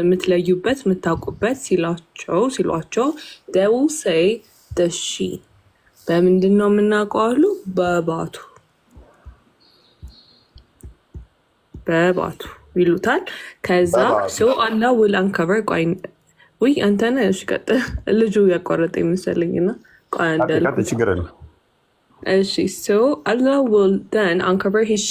የምትለዩበት የምታውቁበት ሲሏቸው ሲሏቸው ደውል ሰይ ደሺ በምንድን ነው የምናውቀው አሉ። በባቱ በባቱ ይሉታል። ከዛ ሰው አላ ውል አንከበር ቆይ ውይ አንተነ እሺ፣ ቀጥል። ልጁ ያቋረጠ ይመስለኝና ቆይ አንዳለ ችግር ነው። እሺ ሰው አላ ውል ደን አንከበር ሂስ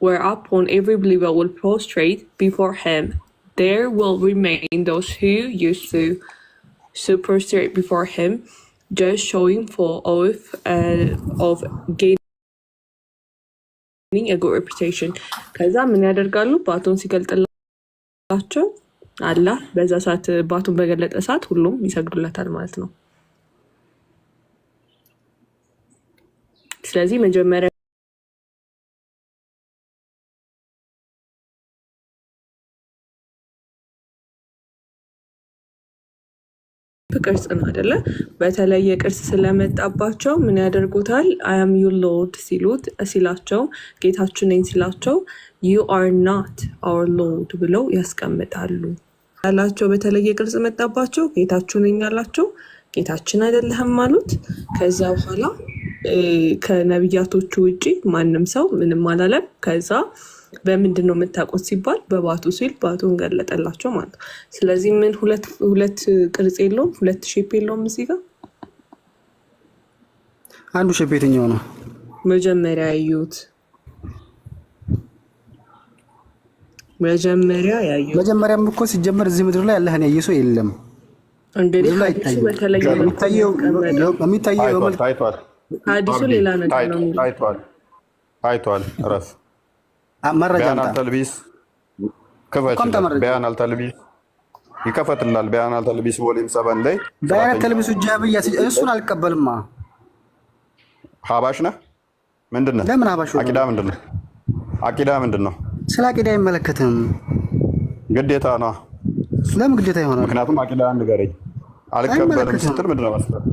whereupon every believer will prostrate before him. There will remain those who used to so prostrate before him, just showing for oath uh, of gaining a good reputation. ከዛ ምን ያደርጋሉ? ባቱን ሲገልጥላቸው አላህ በዛ ሰዓት ባቱን በገለጠ ሰዓት ሁሉም ይሰግዱለታል ማለት ነው። ስለዚህ መጀመሪያ ቅርጽ ነው አደለ? በተለየ ቅርጽ ስለመጣባቸው ምን ያደርጉታል? አያም ዩ ሎርድ ሲሉት ሲላቸው ጌታችን ነኝ ሲላቸው ዩ አር ናት አር ሎርድ ብለው ያስቀምጣሉ። ያላቸው በተለየ ቅርጽ መጣባቸው ጌታችሁ ነኝ ያላቸው ጌታችን አይደለህም አሉት። ከዛ በኋላ ከነቢያቶቹ ውጪ ማንም ሰው ምንም አላለም። ከዛ በምንድን ነው የምታውቁት ሲባል በባቱ ሲል ባቱን ገለጠላቸው ማለት ነው። ስለዚህ ምን ሁለት ቅርጽ የለውም፣ ሁለት ሼፕ የለውም። እዚህ ጋር አንዱ ሼፕ የትኛው ነው? መጀመሪያ ያዩት መጀመሪያ ያዩት መጀመሪያም እኮ ሲጀመር እዚህ ምድር ላይ ያለህን ያየ ሰው የለም። እንግዲህ ሀዲሱ ሌላ ነገር ነው። ታይቷል። ረፍ መረጃ ተልቢስ ይከፈትላል። በያን አልተልቢስ ቮሊም ሰበን ላይ በያን አልተልቢስ ጃብያ እሱን አልቀበልማ። ሀባሽ ነህ ምንድን ነህ? ለምን ሀባሽ አቂዳ ምንድን ነው? አቂዳ ምንድን ነው? ስለ አቂዳ አይመለከትም። ግዴታ ነው። ለምን ግዴታ ይሆናል? ምክንያቱም አቂዳህን ንገረኝ። አልቀበልም ስትል ምንድን ነው መስሎህ?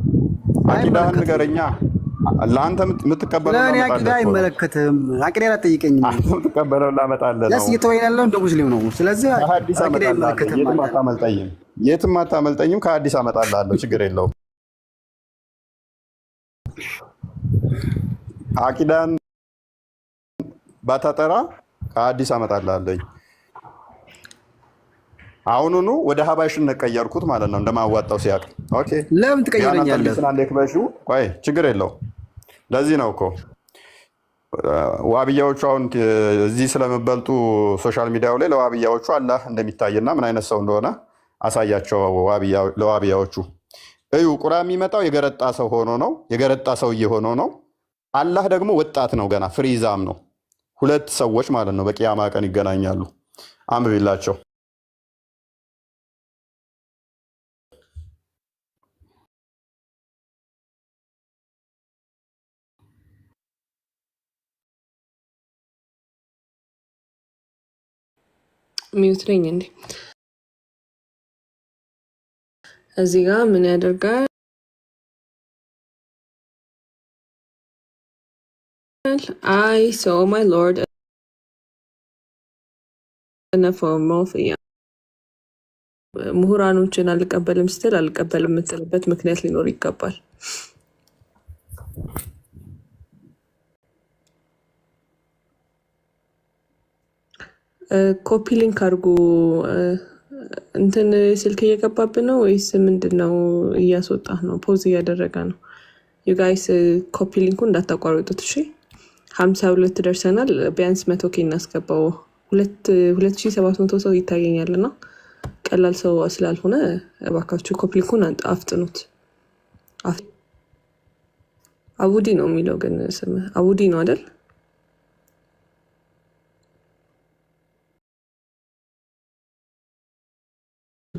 አቂዳህን ንገረኛ ለአንተ የምትቀበለው ለእኔ አቂዳ አይመለከትም። አቂዳ አላጠይቀኝ የምትቀበለው ላመጣልህ ነው። እየተወያየ ያለው እንደ ሙስሊም ነው። ስለዚህ የትም አታመልጠኝም፣ የትም አታመልጠኝም። ከአዲስ አመጣልሃለሁ፣ ችግር የለውም። አቂዳን ባታጠራ ከአዲስ አመጣልሃለሁ። አሁኑኑ ወደ ሀባሽነት ቀየርኩት ማለት ነው። እንደማዋጣው ሲያቅ ለምን ትቀይረኛለህ በሹ ቆይ ችግር የለው። ለዚህ ነው እኮ ዋብያዎቹ አሁን እዚህ ስለምበልጡ ሶሻል ሚዲያው ላይ ለዋብያዎቹ አላህ እንደሚታይና ምን አይነት ሰው እንደሆነ አሳያቸው። ለዋብያዎቹ እዩ ቁራ የሚመጣው የገረጣ ሰው ሆኖ ነው የገረጣ ሰውዬ ሆኖ ነው። አላህ ደግሞ ወጣት ነው፣ ገና ፍሪዛም ነው። ሁለት ሰዎች ማለት ነው በቅያማ ቀን ይገናኛሉ። አንብቢላቸው። ሚዩት ነኝ እንዴ? እዚህ ጋ ምን ያደርጋል? አይ ሶ ማይ ሎርድ እያ ምሁራኖችን አልቀበልም ስትል አልቀበልም የምትልበት ምክንያት ሊኖር ይገባል። ኮፒ ሊንክ አድርጎ እንትን ስልክ እየገባብን ነው ወይስ ምንድን ነው? እያስወጣ ነው፣ ፖዝ እያደረገ ነው። ዩጋይስ ኮፒ ሊንኩ እንዳታቋርጡት እሺ። ሀምሳ ሁለት ደርሰናል። ቢያንስ መቶ ኬ እናስገባው። ሁለት ሺ ሰባት መቶ ሰው ይታየኛል እና ቀላል ሰው ስላልሆነ እባካችሁ ኮፒ ሊንኩን አፍጥኑት። አቡዲ ነው የሚለው ግን ስም አቡዲ ነው አይደል?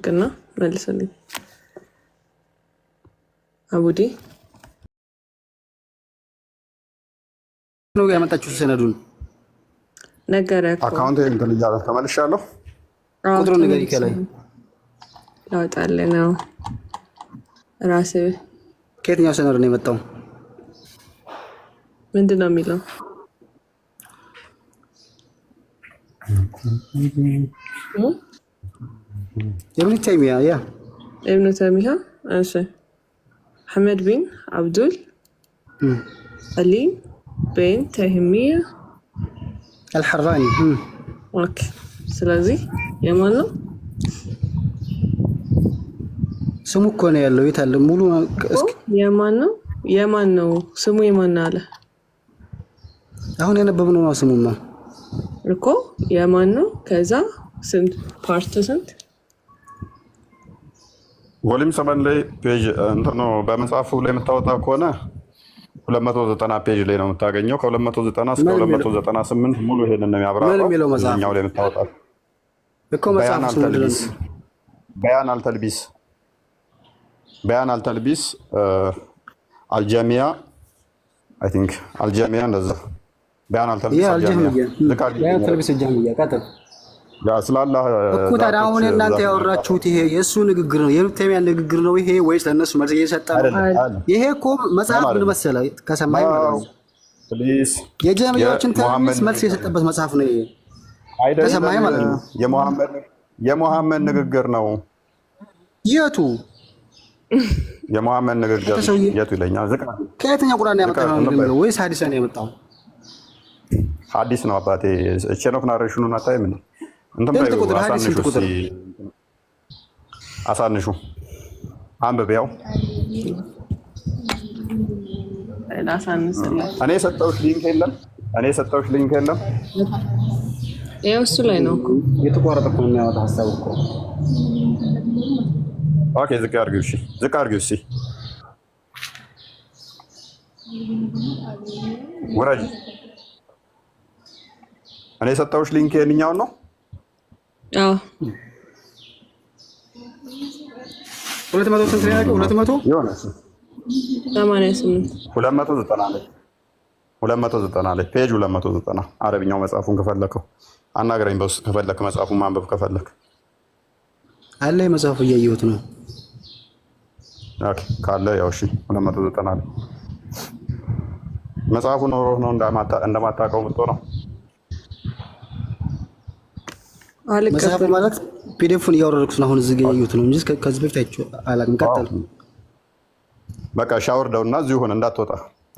ግና መልስልኝ አቡዲ ነው ያመጣችሁ ሰነዱን ነገረ አካውንት እንትን እያለ ተመልሻለሁ። ቁጥሩ ነገር ይከላይ ላውጣልህ ነው ራስ ከየትኛው ሰነድ ነው የመጣው? ምንድን ነው የሚለው? እብን ተይሚያ ያ እብን ተይሚያ እሺ ሐመድ ቢን አብዱል አሊ ቢን ተይሚያ አልሐራኒ ኦኬ ስለዚህ የማን ነው ስሙ እኮ ነው ያለው የት አለ ሙሉ የማን ነው የማን ነው ስሙ የማን አለ አሁን የነበብነው ነው ስሙማ እኮ የማን ነው ከዛ ስንት ፓርት ስንት ወሊም ሰመን ላይ ፔጅ እንትን ነው በመጽሐፉ ላይ የምታወጣ ከሆነ 290 ፔጅ ላይ ነው የምታገኘው። ከ290 እስከ 298 ሙሉ ይሄንን ነው የሚያብራራው። እኛው ላይ የምታወጣ በያን አልተልቢስ በያን አልተልቢስ አልጀሚያ አይ ቲንክ አልጀሚያ እንደዛ በያን አልተልቢስ አልጀሚያ ልክ አልጀሚያ እኮ ታዲያ አሁን እናንተ ያወራችሁት ይሄ የእሱ ንግግር ነው፣ ንግግር ነው ይሄ ወይስ ለእነሱ መልስ እየሰጠ ነው? ይሄ እኮ መጽሐፍ ምን መሰለህ ከሰማይ መልስ የሰጠበት መጽሐፍ ነው ይሄ ከሰማይ ማለት ነው። የሙሐመድ ንግግር ነው። የቱ የሙሐመድ ንግግር የቱ ይለኛል። ከየትኛው ቁርአን ያመጣ ወይስ ሀዲስ ነው ያመጣው? ሀዲስ ነው አባቴ። ቼኖክ ናሬሽኑን አታይም? ስንት ቁጥር ሀዲስ ስንት ቁጥር አሳንሹ አንብብ። ያው እኔ የሰጠሁሽ ሊንክ የለም። እኔ የሰጠሁሽ ሊንክ የለም። ይኸው እሱ ላይ ነው እኮ የተቋረጠ እኮ የሚያወጣ ሀሳብ እኮ። ኦኬ ዝቅ አድርጊው፣ እሺ ዝቅ አድርጊው፣ እሺ ውረጅ። እኔ የሰጠሁሽ ሊንክ የእኛውን ነው ሁለት መቶ ስንት ያለው? ሁለት መቶ የሆነ ሰማንያ ስምንት ሁለት መቶ ዘጠና ላይ ሁለት መቶ ዘጠና ላይ ፔጅ ሁለት መቶ ዘጠና አረብኛው መጽሐፉን ከፈለከው አናግረኝ። በውስጥ ከፈለክ መጽሐፉን ማንበብ ከፈለክ አለ መጽሐፉ እያየሁት ነው። ኦኬ ካለ ያው እሺ ሁለት መቶ ዘጠና ላይ መጽሐፉ ኖሮህ ነው እንደማታውቀው ምቶ ነው መጽሐፍ ማለት ፒዲፉን እያወረድኩት አሁን እዚህ ገኘሁት ነው እንጂ ከዚህ በፊት አይቼው አላውቅም። ቀጥል። በቃ ሻወር ደውና እዚሁ ሆነ እንዳትወጣ።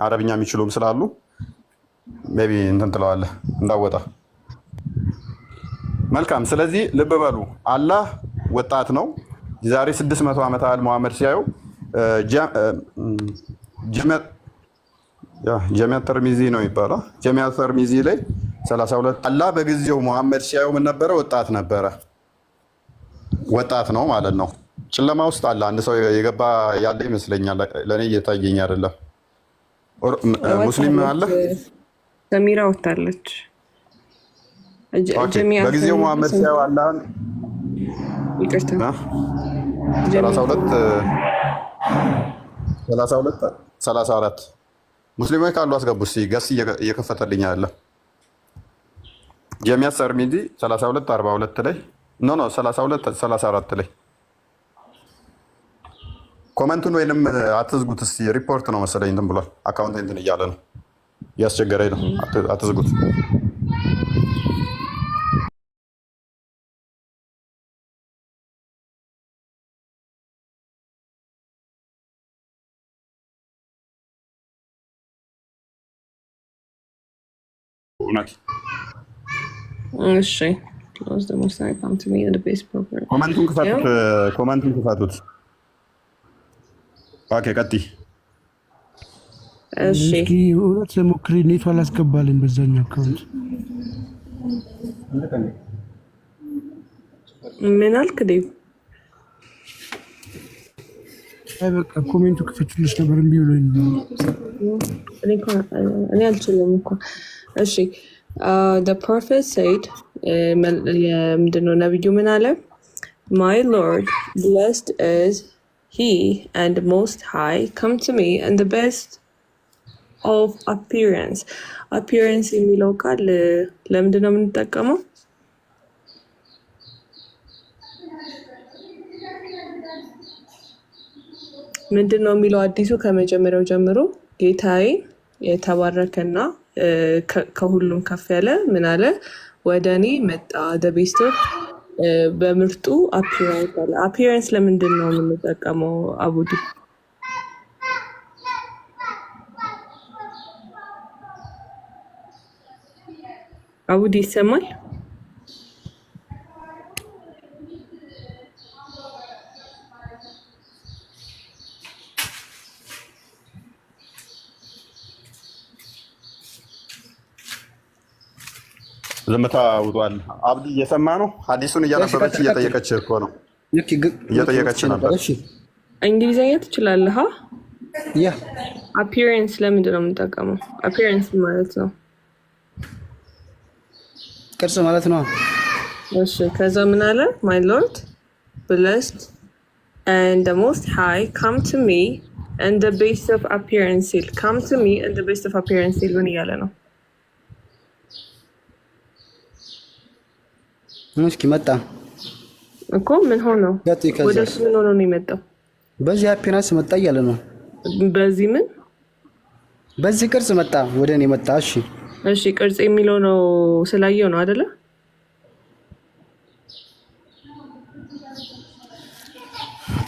አረብኛ የሚችሉም ስላሉ ቢ እንትን ትለዋለህ እንዳወጣ። መልካም። ስለዚህ ልብ በሉ አላህ ወጣት ነው። የዛሬ 600 ዓመት ያህል መሐመድ ሲያየው ጀሚያ ተርሚዚ ነው ይባላል። ጀሚያ ተርሚዚ ላይ 32 አላህ በጊዜው መሐመድ ሲያየው ምን ነበረ? ወጣት ነበረ። ወጣት ነው ማለት ነው። ጨለማ ውስጥ አለ አንድ ሰው የገባ ያለ ይመስለኛል። ለእኔ እየታየኝ አይደለም። ሙስሊም አለ ሰሚራ ወታለች። በጊዜው መሐመድ ሲያየው አላህን ሰላሳ ሁለት ሰላሳ አራት ሙስሊሞች ካሉ አስገቡ። ገስ እየከፈተልኝ አለ ጀሚያ ተርሚዚ 32 42 ላይ ኖ ኖ 32 34 ላይ ኮመንቱን ወይንም አትዝጉት እስቲ ሪፖርት ነው መሰለኝ እንትን ብሏል። አካውንት እንትን እያለ ነው እያስቸገረኝ ነው። አትዝጉት እውነት እሺ ኮመንቱን ክፈቱት። ኮመንቱን ክፈቱት። ኦኬ ቀጥይ። እስኪ እውነት ሞክሪ። ኔቱ አላስገባልን በዛኛው አካውንት ምን አልክ? ዴቭ በቃ ኮሜንቱ ክፈቱልሽ ነበር እምቢ ብሎኝ እኔ አልችልም እኮ እሺ the prophet said ምንድነው ነቢዩ ምን አለ? my lord blessed is he and most high come to me and the best of appearance appearance የሚለው ቃል ለምንድነው የምንጠቀመው? ምንድን ነው የሚለው አዲሱ ከመጀመሪያው ጀምሮ ጌታዬ የተባረከና ከሁሉም ከፍ ያለ ምን አለ ወደ እኔ መጣ ደቤስቶች በምርጡ አፒራንስ አለ። አፒራንስ ለምንድን ነው የምንጠቀመው? አቡዲ አቡዲ ይሰማል? ዝምታ ውጧል። አብዲ እየሰማ ነው። ሀዲሱን እያነበበች እየጠየቀች እኮ ነው እየጠየቀች ነበር። እንግሊዝኛ ትችላለህ? ያ አፒሬንስ ለምንድን ነው የምንጠቀመው? አፒሬንስ ማለት ነው ቅርጽ ማለት ነው። እሺ ከዛ ምን አለ? ማይ ሎርድ ብለስድ and the most high come to me and ቤስ base of appearance ካም ቱ ሚ and the base of appearance ሲል ምን እያለ ነው? እስኪ መጣ እኮ ምን ሆኖ ወደሱ ምን ሆኖ ነው የመጣው? በዚህ ሃፒነስ መጣ እያለ ነው። በዚህ ምን በዚህ ቅርጽ መጣ ወደ እኔ መጣ። እሺ እሺ፣ ቅርጽ የሚለው ነው ስላየው ነው አደለ?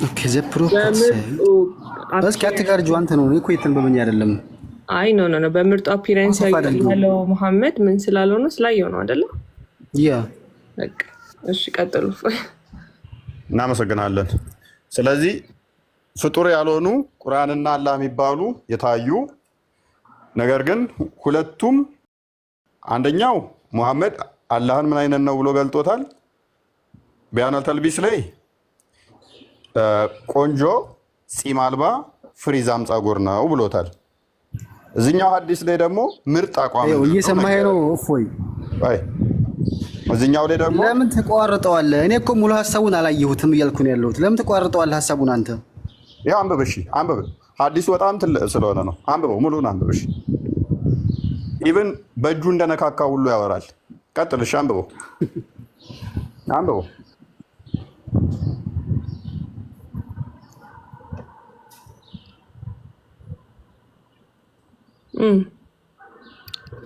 ኦኬ ዘ ፕሮፐር እስኪ አትጋርጁ አንተ ነው እኮ የትን በምን አይደለም። አይ ኖ ኖ ኖ በምርጡ አፒራንስ ያለው መሐመድ ምን ስላልሆነ ስላየው ነው አደለ? ያ እሺ ቀጥሉ። እናመሰግናለን። ስለዚህ ፍጡር ያልሆኑ ቁርአንና አላህ የሚባሉ የታዩ ነገር ግን ሁለቱም አንደኛው ሙሐመድ አላህን ምን አይነት ነው ብሎ ገልጦታል። ቢያነ ተልቢስ ላይ ቆንጆ ፂም አልባ ፍሪዛም ጸጉር ነው ብሎታል። እዚኛው ሀዲስ ላይ ደግሞ ምርጥ አቋም ነው እፎይ እዚኛው ላይ ደግሞ ለምን ተቋርጠዋለህ? እኔ እኮ ሙሉ ሀሳቡን አላየሁትም እያልኩ ነው ያለሁት። ለምን ተቋርጠዋለህ ሀሳቡን? አንተ ያው አንብብ፣ እሺ አንብብ። ሀዲሱ በጣም ትልቅ ስለሆነ ነው። አንብበው፣ ሙሉን አንብብ። እሺ ኢቭን በእጁ እንደነካካ ሁሉ ያወራል። ቀጥል፣ እሺ አንብበው፣ አንብበው።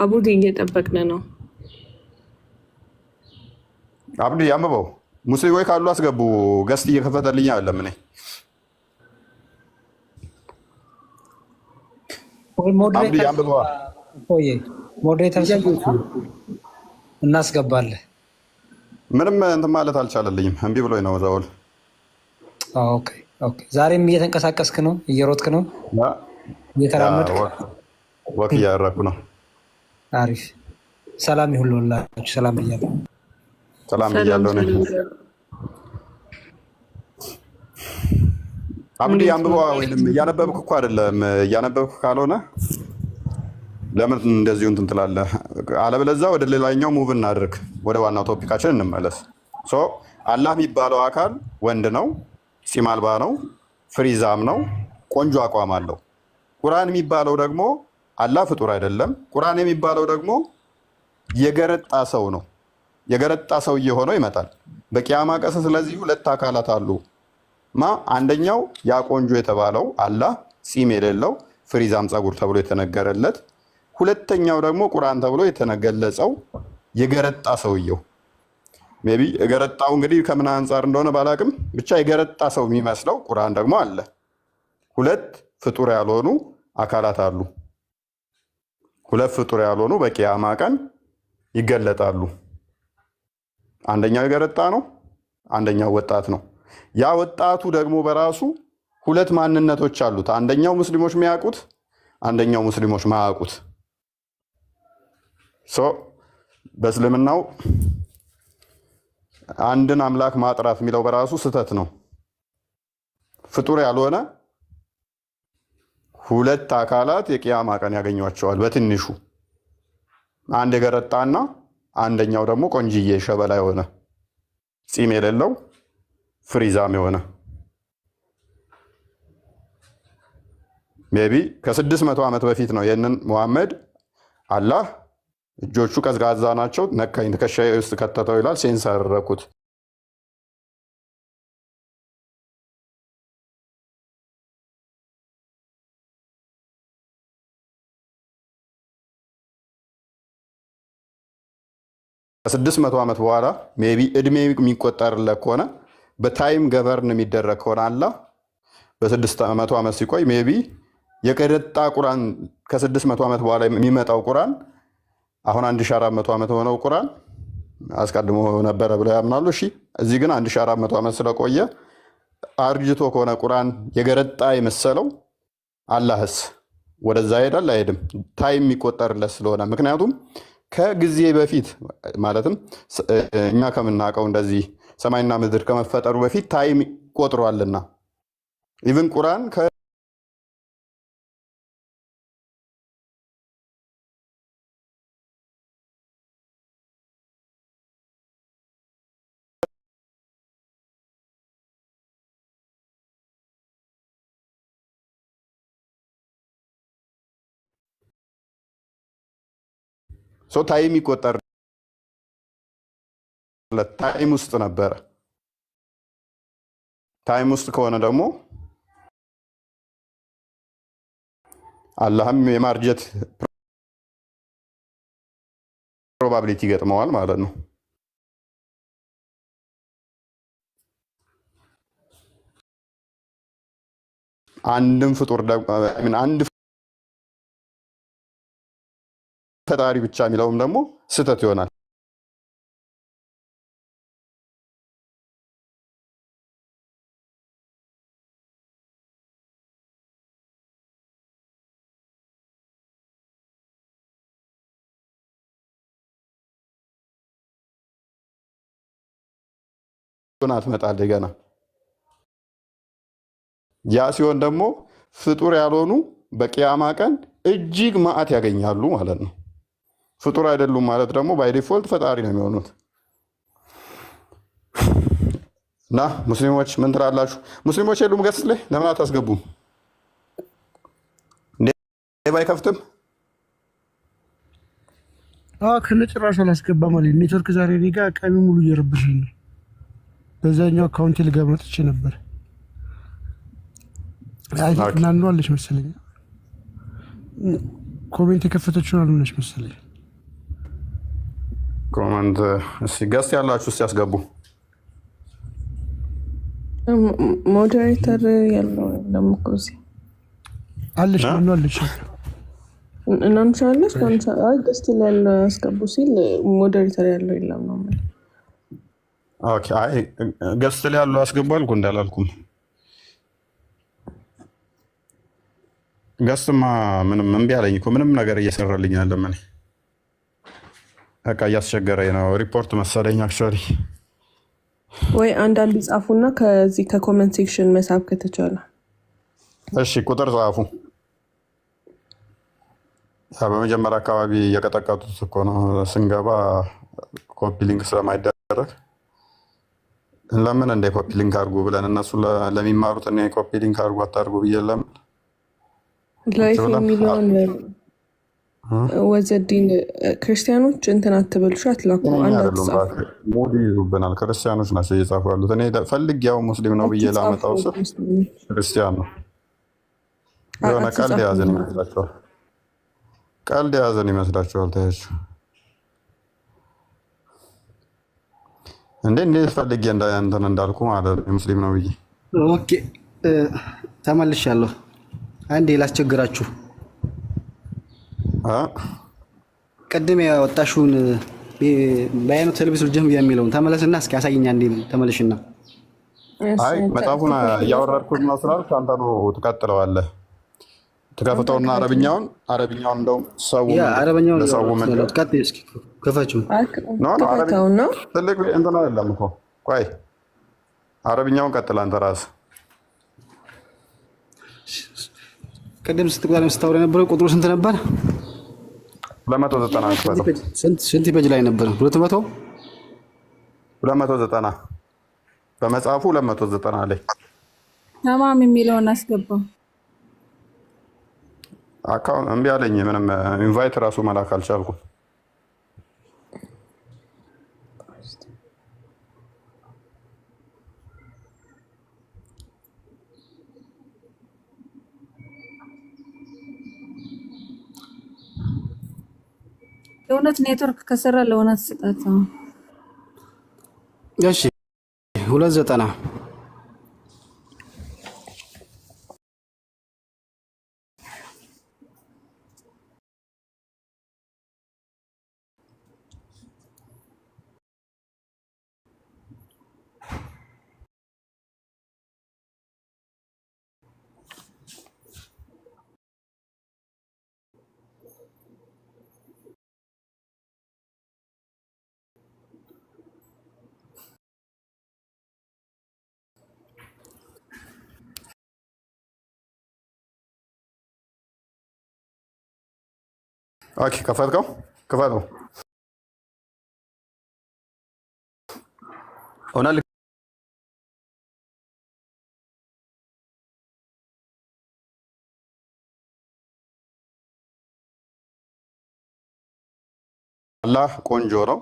አቡዲ እየጠበቅን ነው አብዱ አንብበው። ሙስሊም ወይ ካሉ አስገቡ። ገስት እየከፈተልኝ አይደለም እኔ አብዲ አንብበዋ። ምንም እንትን ማለት አልቻለልኝም። እምቢ ብሎኝ ነው ዘውል። ኦኬ ኦኬ። ዛሬም እየተንቀሳቀስክ ነው? እየሮጥክ ነው? እየተራመድክ ወክ እያደረኩ ነው። አሪፍ። ሰላም ይሁን ለሁላችሁ። ሰላም እያለ ሰላም ብያለሁ። አብዲ አንብበ ወይም እያነበብክ እኮ አይደለም። እያነበብክ ካልሆነ ለምን እንደዚሁ እንትን ትላለህ? አለበለዛ ወደ ሌላኛው ሙቭ እናድርግ። ወደ ዋናው ቶፒካችን እንመለስ። ሶ አላህ የሚባለው አካል ወንድ ነው፣ ፂም አልባ ነው፣ ፍሪዛም ነው፣ ቆንጆ አቋም አለው። ቁርአን የሚባለው ደግሞ አላህ ፍጡር አይደለም። ቁርአን የሚባለው ደግሞ የገረጣ ሰው ነው። የገረጣ ሰውዬ ሆኖ ይመጣል። በቂያማ ቀስ ስለዚህ ሁለት አካላት አሉ ማ አንደኛው ያ ቆንጆ የተባለው አላህ ፂም የሌለው ፍሪዛም ፀጉር ተብሎ የተነገረለት፣ ሁለተኛው ደግሞ ቁርአን ተብሎ የተገለጸው የገረጣ ሰውየው ቢ የገረጣው እንግዲህ ከምን አንጻር እንደሆነ ባላቅም ብቻ የገረጣ ሰው የሚመስለው ቁርአን ደግሞ አለ። ሁለት ፍጡር ያልሆኑ አካላት አሉ። ሁለት ፍጡር ያልሆኑ በቂያማ ቀን ይገለጣሉ። አንደኛው የገረጣ ነው፣ አንደኛው ወጣት ነው። ያ ወጣቱ ደግሞ በራሱ ሁለት ማንነቶች አሉት። አንደኛው ሙስሊሞች የሚያውቁት፣ አንደኛው ሙስሊሞች ማያውቁት። በእስልምናው አንድን አምላክ ማጥራት የሚለው በራሱ ስህተት ነው። ፍጡር ያልሆነ ሁለት አካላት የቅያማ ቀን ያገኟቸዋል። በትንሹ አንድ የገረጣና አንደኛው ደግሞ ቆንጅዬ ሸበላ የሆነ ፂም የሌለው ፍሪዛም የሆነ ሜቢ ከስድስት መቶ ዓመት በፊት ነው። ይህንን መሐመድ አላህ እጆቹ ቀዝቃዛ ናቸው ነካኝ ትከሻ ውስጥ ከተተው ይላል። ሴንሰር አደረኩት ከስድስት መቶ ዓመት በኋላ ሜቢ እድሜ የሚቆጠርለት ከሆነ በታይም ገቨርን የሚደረግ ከሆነ አላ በስድስት መቶ ዓመት ሲቆይ ቢ የቀረጣ ቁራን ከስድስት መቶ ዓመት በኋላ የሚመጣው ቁራን አሁን አንድ ሺህ አራት መቶ ዓመት የሆነው ቁራን አስቀድሞ ነበረ ብለው ያምናሉ። እሺ እዚህ ግን አንድ ሺህ አራት መቶ ዓመት ስለቆየ አርጅቶ ከሆነ ቁራን የገረጣ የመሰለው አላህስ ወደዛ ሄዳል አይሄድም? ታይም የሚቆጠርለት ስለሆነ ምክንያቱም ከጊዜ በፊት ማለትም እኛ ከምናውቀው እንደዚህ ሰማይና ምድር ከመፈጠሩ በፊት ታይም ቆጥሯልና ኢቭን ቁራን ታይም ይቆጠርለት። ታይም ውስጥ ነበረ። ታይም ውስጥ ከሆነ ደግሞ አላህም የማርጀት ፕሮባብሊቲ ይገጥመዋል ማለት ነው። አንድም ፍጡር አንድ ፈጣሪ ብቻ የሚለውም ደግሞ ስህተት ይሆናል። ሆና ገና። ያ ሲሆን ደግሞ ፍጡር ያልሆኑ በቅያማ ቀን እጅግ ማዕት ያገኛሉ ማለት ነው። ፍጡር አይደሉም ማለት ደግሞ ባይ ዲፎልት ፈጣሪ ነው የሚሆኑት። እና ሙስሊሞች ምን ትላላችሁ? ሙስሊሞች የሉም ገጽ ላይ ለምን አታስገቡም? ሌባ አይከፍትም። ከነጭራሹ አላስገባም አለ ኔትወርክ። ዛሬ እኔ ጋ ቀኑ ሙሉ እየረብሽኝ ነው። በዛኛው አካውንቴ ልገባ መጥቼ ነበር። ናንዷ አለች መሰለኝ ኮሜንት የከፈተችውን አልሆነች መሰለኝ ኮመንት እስኪ ገስት ያላችሁ እስኪ ያስገቡ። ሞዴሬተር ያለው ደግሞ እኮ እዚህ አለች ሉ አለች እናምሻለች ገስት ያለው ያስገቡ ሲል ሞዴሬተር ያለው የለም ነው ገስት ላይ ያለው አስገቡ አልኩ እንዳላልኩም ገስትማ ምንም እምቢ አለኝ እኮ ምንም ነገር እየሰራልኝ እኔ በቃ እያስቸገረኝ ነው። ሪፖርት መሰለኝ አክቹዋሊ ወይ አንዳንድ ጻፉና ከዚህ ከኮመንት ሴክሽን መሳብ ከተቻለ እሺ፣ ቁጥር ጻፉ። በመጀመሪያ አካባቢ የቀጠቀጡት እኮ ነው ስንገባ ኮፒ ሊንክ ስለማይደረግ ለምን እንደ ኮፒ ሊንክ አድርጉ ብለን እነሱ ለሚማሩት ኮፒ ሊንክ አድርጉ አታድርጉ ብዬ ለምን ወዘዲን ክርስቲያኖች እንትን አትበልሹ አትላኩ። ሙድ ይዙብናል። ክርስቲያኖች ናቸው እየጻፉ ያሉት። እኔ ፈልግ ያው ሙስሊም ነው ብዬ ላመጣው ስል ክርስቲያን ነው የሆነ ቀልድ የያዘን ይመስላችኋል። ቀልድ የያዘን ይመስላችኋል። ታያችሁ እንዴ? እንዴት ፈልጌ እንትን እንዳልኩ ማለት ነው ሙስሊም ነው ብዬ። ኦኬ ተመልሻለሁ። አንዴ ላስቸግራችሁ ቅድም ያወጣሽውን በአይኑ ተልቢስ ልጅም የሚለውን ተመለስና እስኪ አሳይኛ። እንዲ ተመለሽና። አይ መጽሐፉን እያወረድኩት ነው ስላልክ አንተ ነው ትቀጥለዋለህ። ትከፍተውና አረብኛውን አረብኛውን እንደውም ሰው አረብኛውን ሰው ምንድነው ክፈችው። ትልቅ እንትን አይደለም እኮ ቆይ፣ አረብኛውን ቀጥል አንተ ራስ ቅድም ስትቆጣ ስታወራ የነበረው ቁጥሩ ስንት ነበር? ስንት ፔጅ ላይ ነበር? ሁለት መቶ ሁለት መቶ ዘጠና በመጽሐፉ ሁለት መቶ ዘጠና ላይ ተማም የሚለውን አስገባው። አካውንት እምቢ አለኝ። ምንም ኢንቫይት ራሱ መላክ አልቻልኩም። እውነት ኔትወርክ ከሰራ ለሆነ ስጣት ነው። እሺ ሁለት ዘጠና ኦኬ ከፈትከው ከፈትከው ሆና አላህ ቆንጆ ነው።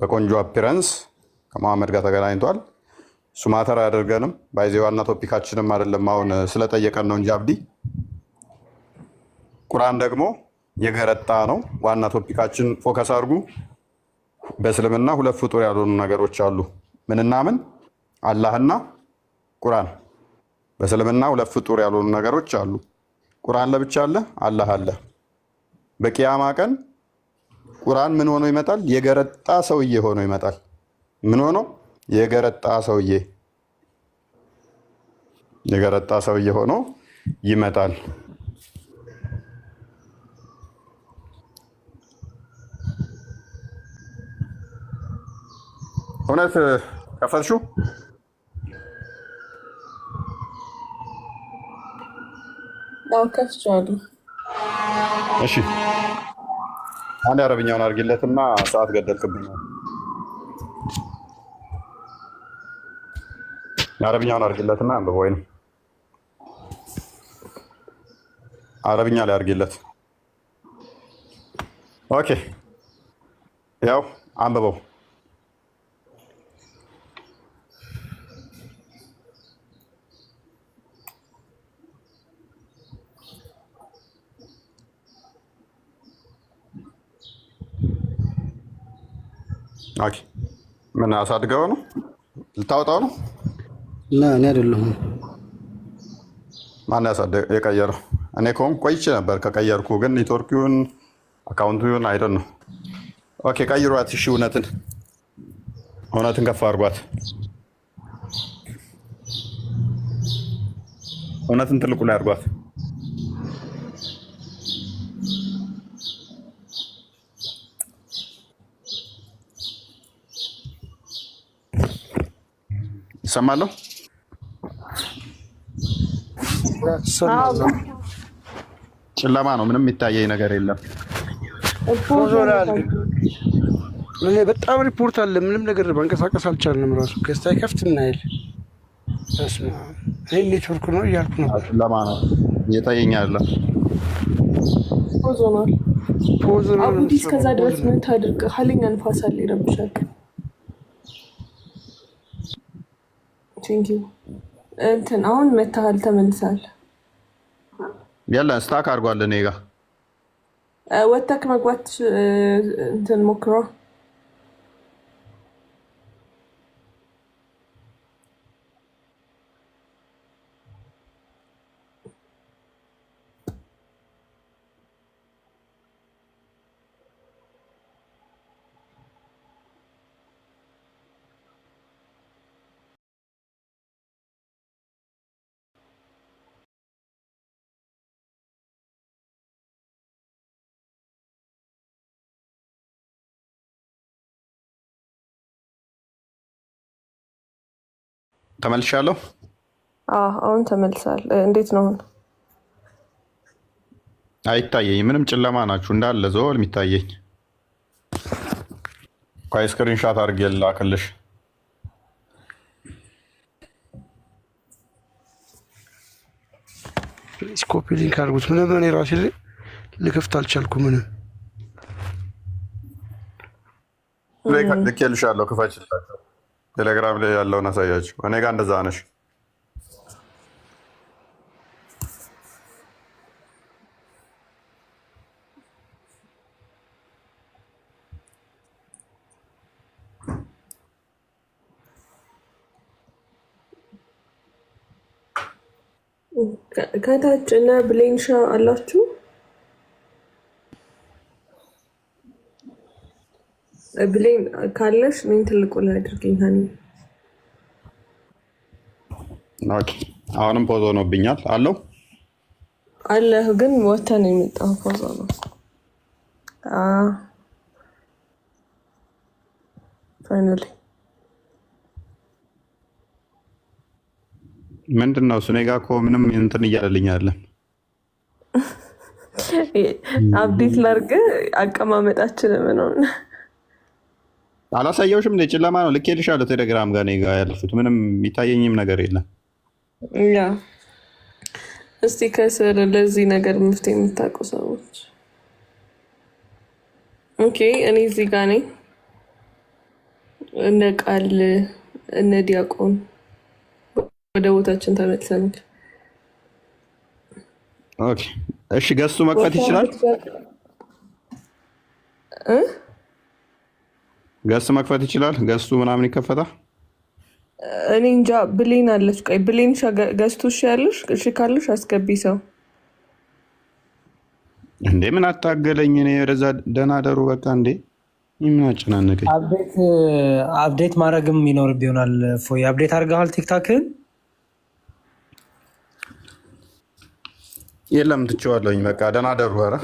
በቆንጆ አፒረንስ ከመሐመድ ጋር ተገናኝቷል። ሱማተር አያደርገንም። ባይዜ ዋና ቶፒካችንም አይደለም። አሁን ስለጠየቀን ነው እንጂ አብዲ ቁርአን ደግሞ የገረጣ ነው። ዋና ቶፒካችን ፎከስ አድርጉ። በእስልምና ሁለት ፍጡር ያልሆኑ ነገሮች አሉ። ምንና ምን? አላህና ቁርአን። በእስልምና ሁለት ፍጡር ያልሆኑ ነገሮች አሉ። ቁርአን ለብቻ አለ፣ አላህ አለ። በቅያማ ቀን ቁርአን ምን ሆኖ ይመጣል? የገረጣ ሰውዬ ሆኖ ይመጣል። ምን ሆኖ? የገረጣ ሰውዬ የገረጣ ሰውዬ ሆኖ ይመጣል። እውነት ከፈትሹ እሺ አንድ አረብኛውን አድርጊለትና ሰዓት ገደልክብኝ። አረብኛውን አድርጊለትና አንብበው፣ ወይም አረብኛ ላይ አድርጊለት። ኦኬ ያው አንብበው ኦኬ። ምን አሳድገው ነው ልታወጣው ነው? እኔ አይደለሁም። ማን የቀየረው? እኔ ከሆን ቆይቼ ነበር ከቀየርኩ፣ ግን ኔትወርክ ይሁን አካውንቱ ይሁን አይደል ነው። ኦኬ ቀይሯት። እሺ እውነትን እውነትን ከፍ አድርጓት። እውነትን ትልቁ ላይ አድርጓት። እሰማለሁ። ጨለማ ነው። ምንም የሚታየኝ ነገር የለም። በጣም ሪፖርት አለ። ምንም ነገር መንቀሳቀስ አልቻልንም። ራሱ ገዝታ ከፍት እናይል ይህ ኔትወርክ ነው እያልኩ ነበር። ጨለማ ነው እየታየኝ ያለ ፖዞናል ነው። ከዛ ድረስ ምን ታድርግ? ሀይለኛ ንፋስ አለ ይረብሻል። ቴንኪው እንትን አሁን መታሃል ተመልሳል። የለን ስታክ አድርጓል። እኔ ጋ ወተክ መግባት እንትን ሞክሯል ተመልሻለሁ። አሁን ተመልሳል። እንዴት ነው? አይታየኝ። ምንም ጨለማ ናችሁ እንዳለ ዘወል የሚታየኝ ቆይ ስክሪንሻት አድርጌ ላክልሽ። ኮፒ ሊንክ አድርጉት። ምንም እኔ ራሴ ልክፍት አልቻልኩ። ምንም ልኬልሻለሁ። ክፋችላቸው ቴሌግራም ላይ ያለውን አሳያችሁ። እኔ ጋር እንደዛ ነሽ። ከታች እነ ብሌንሻ አላችሁ ብሌም ካለሽ ምን ትልቁ ላይ አድርገኝ። አሁንም ፖዞ ነውብኛል አለው አለህ ግን ወተን የመጣው ፖዞ ነው። ፋይናሊ ምንድን ነው እሱ? እኔ ጋ እኮ ምንም እንትን እያለልኝ አለን። አብዴት ላርግ አቀማመጣችን ምናምን አላሳየውሽም እንደ ጨለማ ነው። ልኬልሻለሁ ቴሌግራም ጋር ኔጋ ያለፉት። ምንም የሚታየኝም ነገር የለም። ያ እስቲ ከስር ለዚህ ነገር መፍትሄ የምታውቁ ሰዎች ኦኬ። እኔ እዚህ ጋኔ ነኝ። እነ ቃል እነ ዲያቆን ወደ ቦታችን ተመልሰናል። እሺ። ገሱ መቅፈት ይችላል። ገስ መክፈት ይችላል። ገስቱ ምናምን ይከፈታል። እኔ እንጃ። ብሌን አለች። ቆይ ብሌን ገስቱ ያለሽ እሺ ካለሽ አስገቢ ሰው እንዴ ምን አታገለኝ እኔ ወደዛ ደህና ደሩ በቃ እንዴ ምን አጨናነቀኝ። አብዴት ማድረግም ይኖርብ ይሆናል። ፎይ አብዴት አድርገሃል ቲክታክን? የለም ትችዋለኝ። በቃ ደህና ደሩ ኧረ